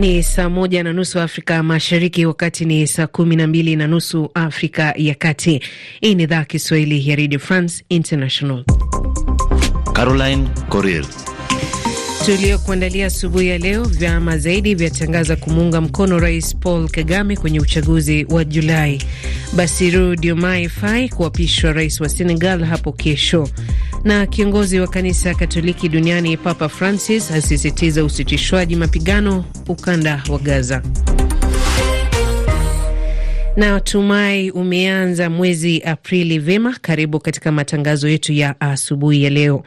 Ni saa moja na nusu Afrika Mashariki, wakati ni saa kumi na mbili na nusu Afrika ya Kati. Hii ni idhaa Kiswahili ya Radio France International. Caroline Coril tuliokuandalia asubuhi ya leo. Vyama zaidi vyatangaza kumuunga mkono Rais Paul Kagame kwenye uchaguzi wa Julai. Basiru Diomaye Faye kuapishwa rais wa Senegal hapo kesho. Na kiongozi wa kanisa Katoliki duniani Papa Francis asisitiza usitishwaji mapigano ukanda wa Gaza. Natumai umeanza mwezi Aprili vyema. Karibu katika matangazo yetu ya asubuhi ya leo.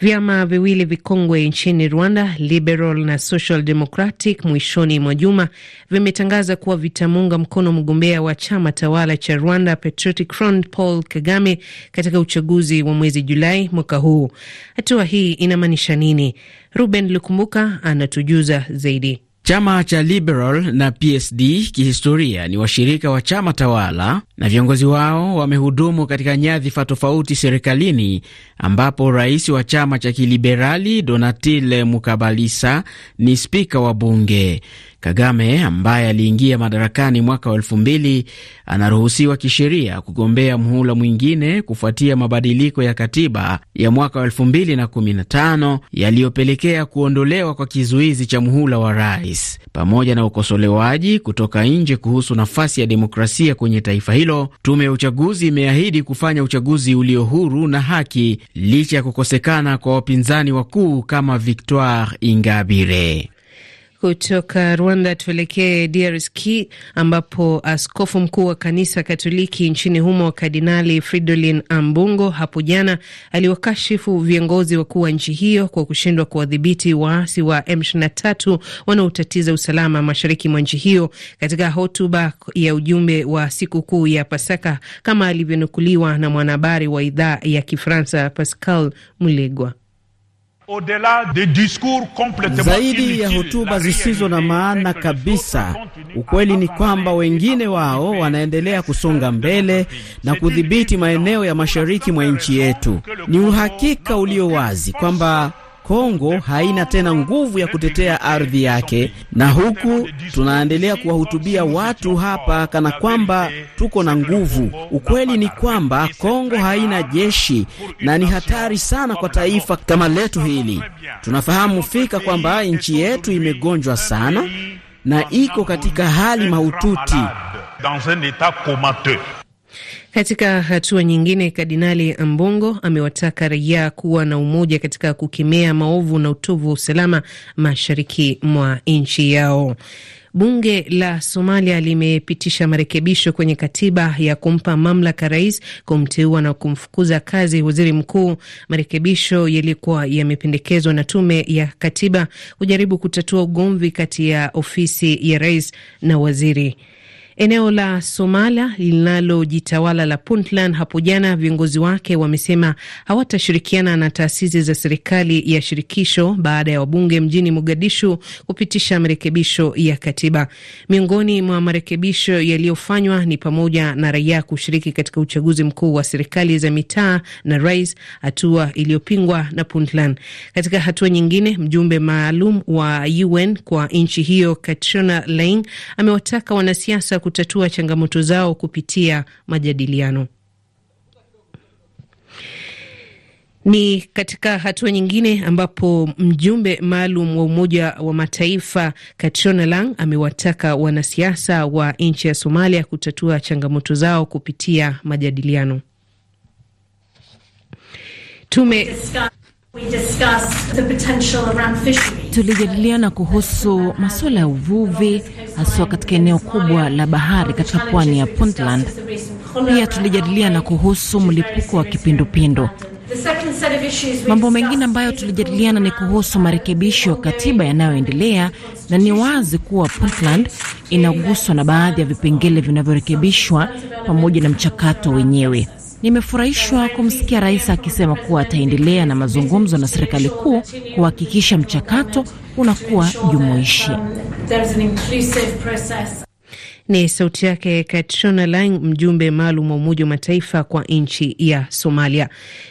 Vyama viwili vikongwe nchini Rwanda, Liberal na Social Democratic, mwishoni mwa juma vimetangaza kuwa vitamuunga mkono mgombea wa chama tawala cha Rwanda Patriotic Front Paul Kagame katika uchaguzi wa mwezi Julai mwaka huu. Hatua hii inamaanisha nini? Ruben Lukumbuka anatujuza zaidi. Chama cha Liberal na PSD kihistoria ni washirika wa chama tawala na viongozi wao wamehudumu katika nyadhifa tofauti serikalini, ambapo rais wa chama cha kiliberali Donatile Mukabalisa ni spika wa bunge. Kagame ambaye aliingia madarakani mwaka wa elfu mbili anaruhusiwa kisheria kugombea mhula mwingine kufuatia mabadiliko ya katiba ya mwaka wa elfu mbili na kumi na tano yaliyopelekea kuondolewa kwa kizuizi cha mhula wa rais pamoja na ukosolewaji kutoka nje kuhusu nafasi ya demokrasia kwenye taifa hilo hilo, tume ya uchaguzi imeahidi kufanya uchaguzi ulio huru na haki licha ya kukosekana kwa wapinzani wakuu kama Victoire Ingabire. Kutoka Rwanda tuelekee DRC ambapo askofu mkuu wa kanisa Katoliki nchini humo Kardinali Fridolin Ambungo hapo jana aliwakashifu viongozi wakuu wa nchi hiyo kwa kushindwa kuwadhibiti waasi wa M23 wanaotatiza usalama mashariki mwa nchi hiyo. Katika hotuba ya ujumbe wa sikukuu ya Pasaka, kama alivyonukuliwa na mwanahabari wa idhaa ya Kifaransa Pascal Mulegwa. Zaidi ya hotuba zisizo na maana kabisa, ukweli ni kwamba wengine wao wanaendelea kusonga mbele na kudhibiti maeneo ya mashariki mwa nchi yetu. Ni uhakika ulio wazi kwamba Kongo haina tena nguvu ya kutetea ardhi yake, na huku tunaendelea kuwahutubia watu hapa kana kwamba tuko na nguvu. Ukweli ni kwamba Kongo haina jeshi na ni hatari sana kwa taifa kama letu hili. Tunafahamu fika kwamba nchi yetu imegonjwa sana na iko katika hali mahututi. Katika hatua nyingine, Kardinali Ambongo amewataka raia kuwa na umoja katika kukemea maovu na utovu wa usalama mashariki mwa nchi yao. Bunge la Somalia limepitisha marekebisho kwenye katiba ya kumpa mamlaka rais kumteua na kumfukuza kazi waziri mkuu, marekebisho yaliyokuwa yamependekezwa na tume ya katiba kujaribu kutatua ugomvi kati ya ofisi ya rais na waziri Eneo la Somala linalojitawala la Puntland hapo jana, viongozi wake wamesema hawatashirikiana na taasisi za serikali ya shirikisho baada ya wabunge mjini Mogadishu kupitisha marekebisho ya katiba. Miongoni mwa marekebisho yaliyofanywa ni pamoja na raia kushiriki katika uchaguzi mkuu wa serikali za mitaa na rais, hatua iliyopingwa na Puntland. Katika hatua nyingine, mjumbe maalum wa UN kwa nchi hiyo Katrina Laing amewataka wanasiasa kutatua changamoto zao kupitia majadiliano. Ni katika hatua nyingine ambapo mjumbe maalum wa Umoja wa Mataifa Catriona Lang amewataka wanasiasa wa nchi ya Somalia kutatua changamoto zao kupitia majadiliano Tume Tulijadiliana kuhusu masuala ya uvuvi haswa katika eneo kubwa la bahari katika pwani ya Puntland. Pia tulijadiliana kuhusu mlipuko wa kipindupindu. Mambo mengine ambayo tulijadiliana ni kuhusu marekebisho ya katiba yanayoendelea, na ni wazi kuwa Puntland inaguswa na baadhi ya vipengele vinavyorekebishwa pamoja na mchakato wenyewe. Nimefurahishwa kumsikia rais akisema kuwa ataendelea na mazungumzo na serikali kuu kuhakikisha mchakato unakuwa jumuishi. Ni sauti yake Katrina Lang, mjumbe maalum wa Umoja wa Mataifa kwa nchi ya Somalia.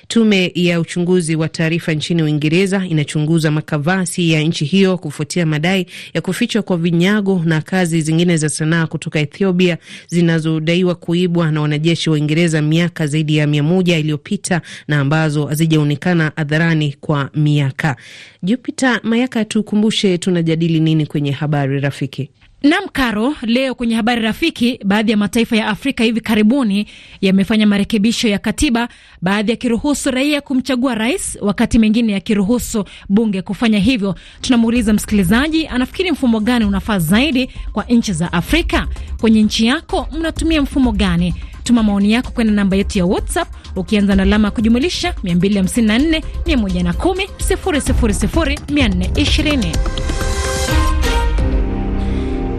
Tume ya uchunguzi wa taarifa nchini Uingereza inachunguza makavasi ya nchi hiyo kufuatia madai ya kufichwa kwa vinyago na kazi zingine za sanaa kutoka Ethiopia zinazodaiwa kuibwa na wanajeshi wa Uingereza miaka zaidi ya mia moja iliyopita na ambazo hazijaonekana hadharani kwa miaka. Jupiter Mayaka, tukumbushe tunajadili nini kwenye habari rafiki? Nam Karo, leo kwenye habari rafiki, baadhi ya mataifa ya Afrika hivi karibuni yamefanya marekebisho ya katiba, baadhi yakiruhusu raia kumchagua rais, wakati mengine yakiruhusu bunge kufanya hivyo. Tunamuuliza msikilizaji, anafikiri mfumo gani unafaa zaidi kwa nchi za Afrika? Kwenye nchi yako mnatumia mfumo gani? Tuma maoni yako kwenda namba yetu ya WhatsApp ukianza na alama ya kujumulisha 254 110 000 420.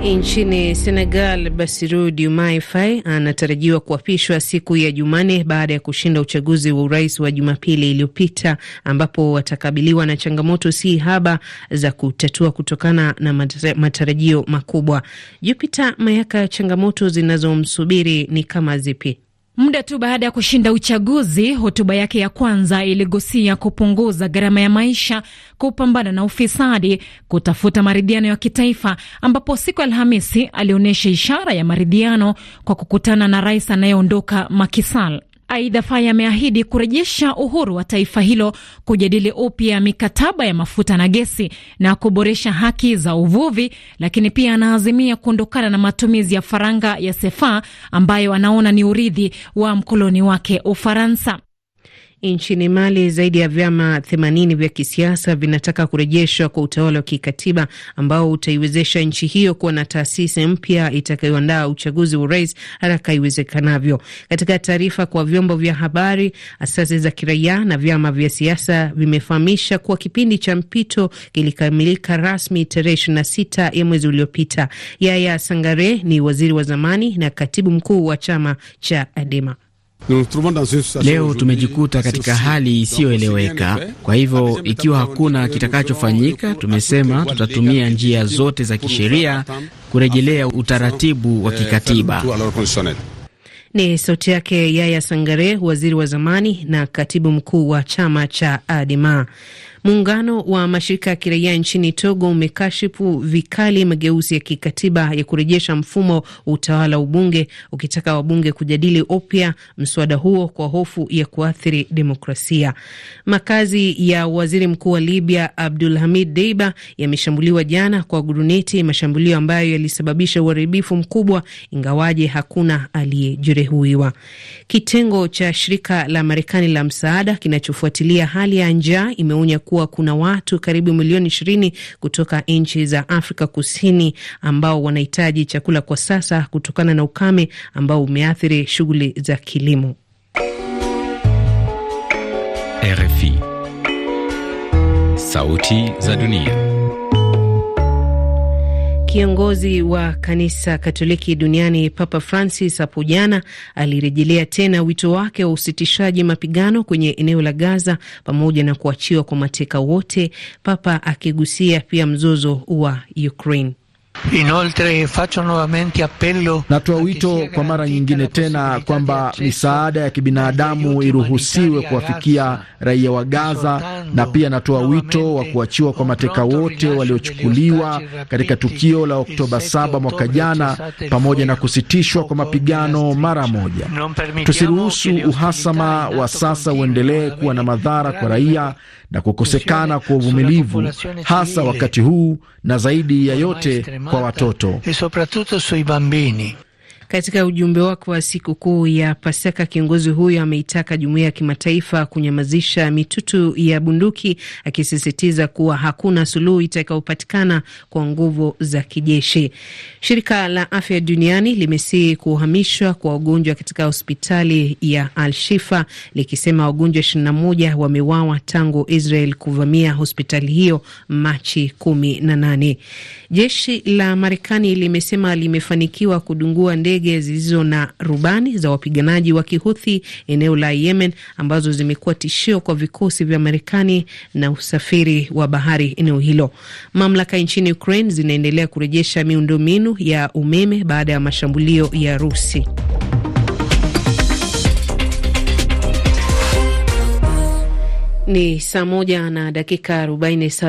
E, nchini Senegal, Bassirou Diomaye Faye anatarajiwa kuapishwa siku ya Jumanne baada ya kushinda uchaguzi wa urais wa Jumapili iliyopita, ambapo watakabiliwa na changamoto si haba za kutatua kutokana na matarajio makubwa. Jupiter Mayaka, changamoto zinazomsubiri ni kama zipi? Muda tu baada ya kushinda uchaguzi, hotuba yake ya kwanza iligusia kupunguza gharama ya maisha, kupambana na ufisadi, kutafuta maridhiano ya kitaifa, ambapo siku ya Alhamisi alionyesha ishara ya maridhiano kwa kukutana na rais anayeondoka Makisal. Aidha, Faye ameahidi kurejesha uhuru wa taifa hilo kujadili upya mikataba ya mafuta na gesi na kuboresha haki za uvuvi, lakini pia anaazimia kuondokana na matumizi ya faranga ya sefa ambayo anaona ni urithi wa mkoloni wake Ufaransa. Nchini Mali, zaidi ya vyama themanini vya kisiasa vinataka kurejeshwa kwa utawala wa kikatiba ambao utaiwezesha nchi hiyo kuwa na taasisi mpya itakayoandaa uchaguzi wa urais haraka iwezekanavyo. Katika taarifa kwa vyombo vya habari, asasi za kiraia na vyama vya siasa vimefahamisha kuwa kipindi cha mpito kilikamilika rasmi tarehe ishirini na sita ya mwezi uliopita. Yaya Sangare ni waziri wa zamani na katibu mkuu wa chama cha Adema. Leo tumejikuta katika hali isiyoeleweka. Kwa hivyo, ikiwa hakuna kitakachofanyika, tumesema tutatumia njia zote za kisheria kurejelea utaratibu wa kikatiba. Ni sauti yake Yaya Sangare, waziri wa zamani na katibu mkuu wa chama cha Adima. Muungano wa mashirika ya kiraia nchini Togo umekashifu vikali mageuzi ya kikatiba ya kurejesha mfumo wa utawala ubunge, ukitaka wabunge kujadili upya mswada huo kwa hofu ya kuathiri demokrasia. Makazi ya waziri mkuu wa Libya Abdul Hamid Deiba yameshambuliwa jana kwa guruneti, mashambulio ambayo yalisababisha uharibifu mkubwa, ingawaje hakuna aliyejeruhiwa. Kitengo cha shirika la Marekani la msaada kinachofuatilia hali ya njaa imeonya kuwa kuwa kuna watu karibu milioni ishirini kutoka nchi za Afrika Kusini ambao wanahitaji chakula kwa sasa kutokana na ukame ambao umeathiri shughuli za kilimo. RFI. Sauti za Dunia. Kiongozi wa kanisa Katoliki duniani Papa Francis hapo jana alirejelea tena wito wake wa usitishaji mapigano kwenye eneo la Gaza pamoja na kuachiwa kwa mateka wote, Papa akigusia pia mzozo wa Ukraine. Natoa wito kwa mara nyingine tena kwamba misaada ya kibinadamu iruhusiwe kuwafikia raia wa Gaza, na pia natoa wito wa kuachiwa kwa mateka wote waliochukuliwa katika tukio la Oktoba 7 mwaka jana, pamoja na kusitishwa kwa mapigano mara moja. Tusiruhusu uhasama wa sasa uendelee kuwa na madhara kwa raia na kukosekana kwa uvumilivu, hasa wakati huu na zaidi ya yote kwa watoto. Katika ujumbe wake wa sikukuu ya Pasaka, kiongozi huyo ameitaka jumuiya ya kimataifa kunyamazisha mitutu ya bunduki, akisisitiza kuwa hakuna suluhu itakayopatikana kwa nguvu za kijeshi. Shirika la Afya Duniani limesihi kuhamishwa kwa wagonjwa katika hospitali ya Al-Shifa likisema wagonjwa 21 wamewawa tangu Israel kuvamia hospitali hiyo Machi 18. Jeshi la Marekani limesema limefanikiwa kudungua ndege ndege zilizo na rubani za wapiganaji wa Kihuthi eneo la Yemen ambazo zimekuwa tishio kwa vikosi vya Marekani na usafiri wa bahari eneo hilo. Mamlaka nchini Ukraine zinaendelea kurejesha miundombinu ya umeme baada ya mashambulio ya Rusi. Ni saa moja na dakika arobaini.